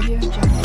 Audio Jungle.